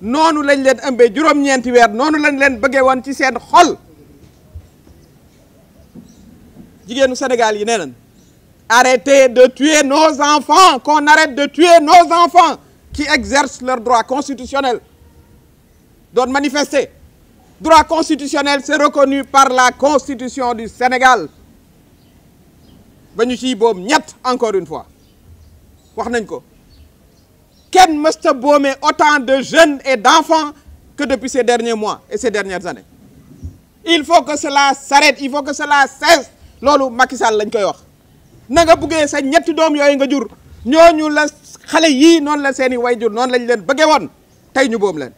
Non, lañ leen ëmbee juróom-ñeenti weer noonu lañ leen bëggee woon ci seen xol jigéenu Sénégal yi arrêtez de tuer nos enfants qu'on arrête de tuer nos enfants qui exercent leurs droits constitutionnels. Donc manifester droit constitutionnel c'est reconnu par la constitution du Sénégal ba ñu encore une fois wax Ken Musta Baumer autant de jeunes et d'enfants que depuis ces derniers mois et ces dernières années. Il faut que cela s'arrête, il faut que cela cesse. Lolo Macky Sall lañ koy wax na nga bëggee sa ñetti doom yoy nga jur ñooñu la xalé yi non la seeni wayjur non nous lañ leen bëggee won tay ñu boom leen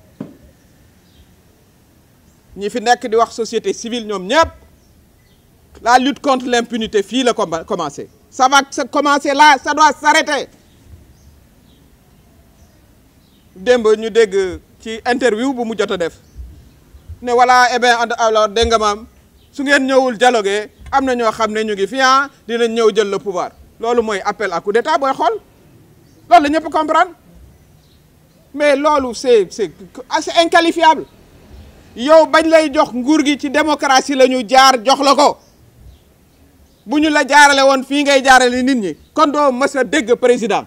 ñi fi nekk di wax société civile ñom ñep la lutte contre l'impunité le la commencé ça va commencer là ça doit s'arrêter démb ñu dégg ci interview bu mu jotta def ne voilà eh and alors dénga mam su ngeen ñewul dialogué amna ño xamné ne ñu ngi fi ah dinañ ñëw jël le pouvoir lolu moy appel à coup d'état boy xol lolu ñepp comprendre mais lolu c'est c'est assez inqualifiable yow bañ lay jox nguur gi ci démocratie lañu jaar jox lako buñu la jaarale won fi ngay jaarale nit ñi kon do mësa dégg président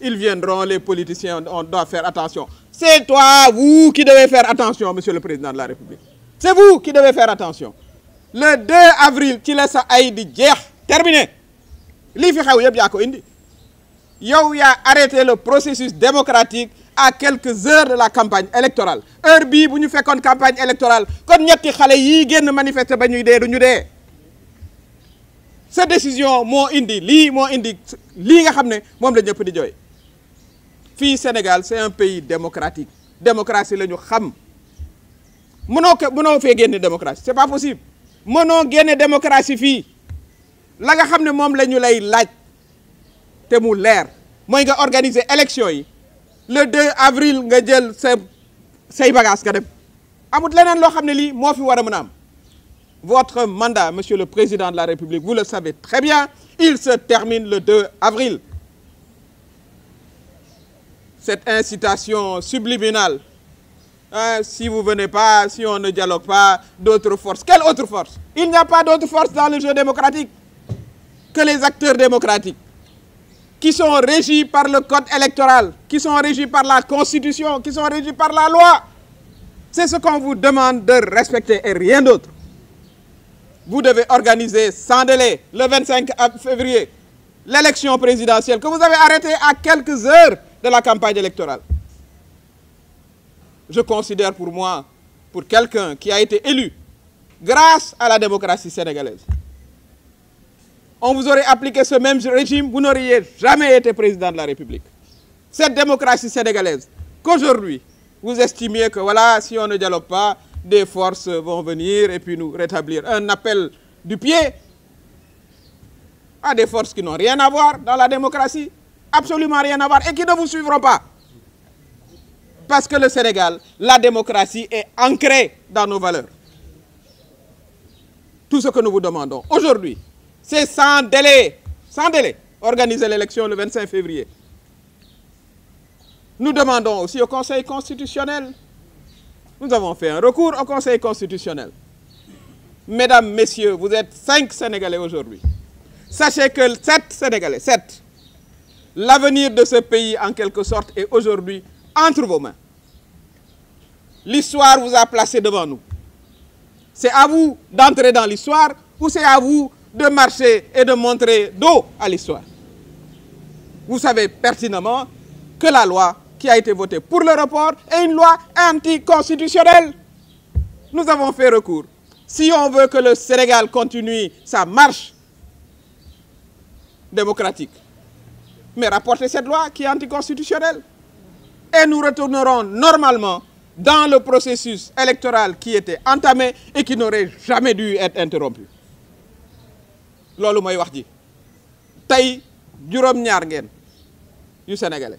ils viendront les politiciens on doit faire attention c'est toi vous qui devez faire attention monsieur le président de la république c'est vous qui devez faire attention le 2 avril ci la sa ay terminé li fi xew ko indi arrêté le processus démocratique à quelques heures de la campagne électorale heure bi bu ñu campagne électorale kon ñetti xalé yi génn manifester ba ñuy ñu cette décision mo indi li mo indi li nga xam mom moom la ñëpp di joy fi Sénégal c'est un pays démocratique démocratie lañu xam mëno ko mënoo fee génne démocratie c'est pas possible mëno génné démocratie fi la nga xam mom lañu lay laaj té mu leer moy nga organiser élection yi le 2 avril nga jël sa say bagage nga dem amut leneen loo xam ne lii moo fi war a mën a am votre mandat, Monsieur le Président de la République, vous le savez très bien, il se termine le 2 avril. Cette incitation subliminale, hein, si vous ne venez pas, si on ne dialogue pas, d'autres forces. Quelle autre force Il n'y a pas d'autres forces dans le jeu démocratique que les acteurs démocratiques qui sont régis par le code électoral, qui sont régis par la constitution, qui sont régis par la loi. C'est ce qu'on vous demande de respecter et rien d'autre vous devez organiser sans délai le 25 février l'élection présidentielle que vous avez arrêtée à quelques heures de la campagne électorale. Je considère pour moi, pour quelqu'un qui a été élu grâce à la démocratie sénégalaise, on vous aurait appliqué ce même régime, vous n'auriez jamais été président de la République. Cette démocratie sénégalaise, qu'aujourd'hui, vous estimiez que voilà, si on ne dialogue pas, des forces vont venir et puis nous rétablir. Un appel du pied à des forces qui n'ont rien à voir dans la démocratie, absolument rien à voir, et qui ne vous suivront pas. Parce que le Sénégal, la démocratie est ancrée dans nos valeurs. Tout ce que nous vous demandons aujourd'hui, c'est sans délai, sans délai, organiser l'élection le 25 février. Nous demandons aussi au Conseil constitutionnel nous avons fait un recours au Conseil constitutionnel. Mesdames, Messieurs, vous êtes cinq Sénégalais aujourd'hui. Sachez que sept Sénégalais, sept, l'avenir de ce pays en quelque sorte est aujourd'hui entre vos mains. L'histoire vous a placé devant nous. C'est à vous d'entrer dans l'histoire ou c'est à vous de marcher et de montrer dos à l'histoire. Vous savez pertinemment que la loi qui a été votée pour le report et une loi anticonstitutionnelle. Nous avons fait recours. Si on veut que le Sénégal continue sa marche démocratique, mais rapportez cette loi qui est anticonstitutionnelle. Et nous retournerons normalement dans le processus électoral qui était entamé et qui n'aurait jamais dû être interrompu. que je wax dire. sénégalais.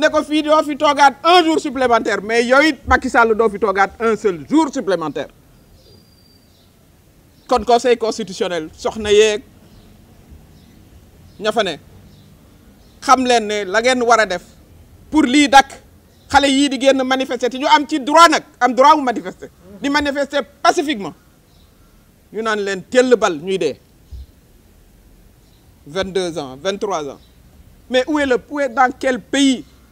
ne avons un jour supplémentaire mais yooyu Macky Sall fi un seul jour supplémentaire kon conseil constitutionnel soxna yeeg a fa ne la guerre de pour l'idac, les xale yii di manifester te ñu am ci droit de manifester di manifester pacifiquement Nous ont eu tell bal ñuy ans 23 ans mais où est le poids dans quel pays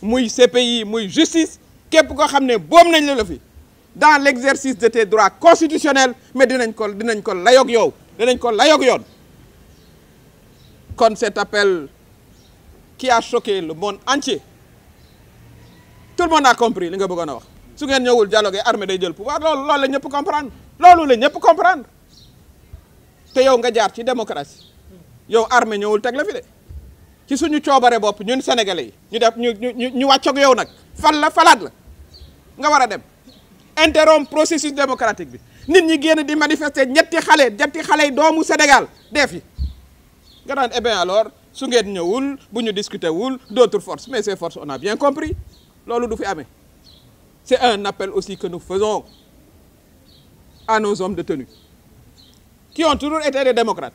muy CPI muy justice képp koo xam ne boom nañ la la fi dans l'exercice de tes droits constitutionnels mais dinañ ko dinañ ko layoog yow dinañ ko layoog yoon kon cet appel qui a choqué le monde entier tout le monde a compris li nga bëggoon a wax su ngeen ñëwul dialogue armée day jël pouvoir loolu loolu la ñëpp comprendre loolu la ñëpp comprendre te yow nga jaar ci démocratie yow armée ñëwul teg la fi de ci suñu sénégalais ñu def ñu ñu yow fal la la nga processus démocratique bi nit ñi di manifester ñetti xalé ñetti xalé doomu Sénégal nga eh ben alors su ngeen ñewul bu discuter d'autres forces mais ces forces on a bien compris c'est un appel aussi que nous faisons à nos hommes de qui ont toujours été des démocrates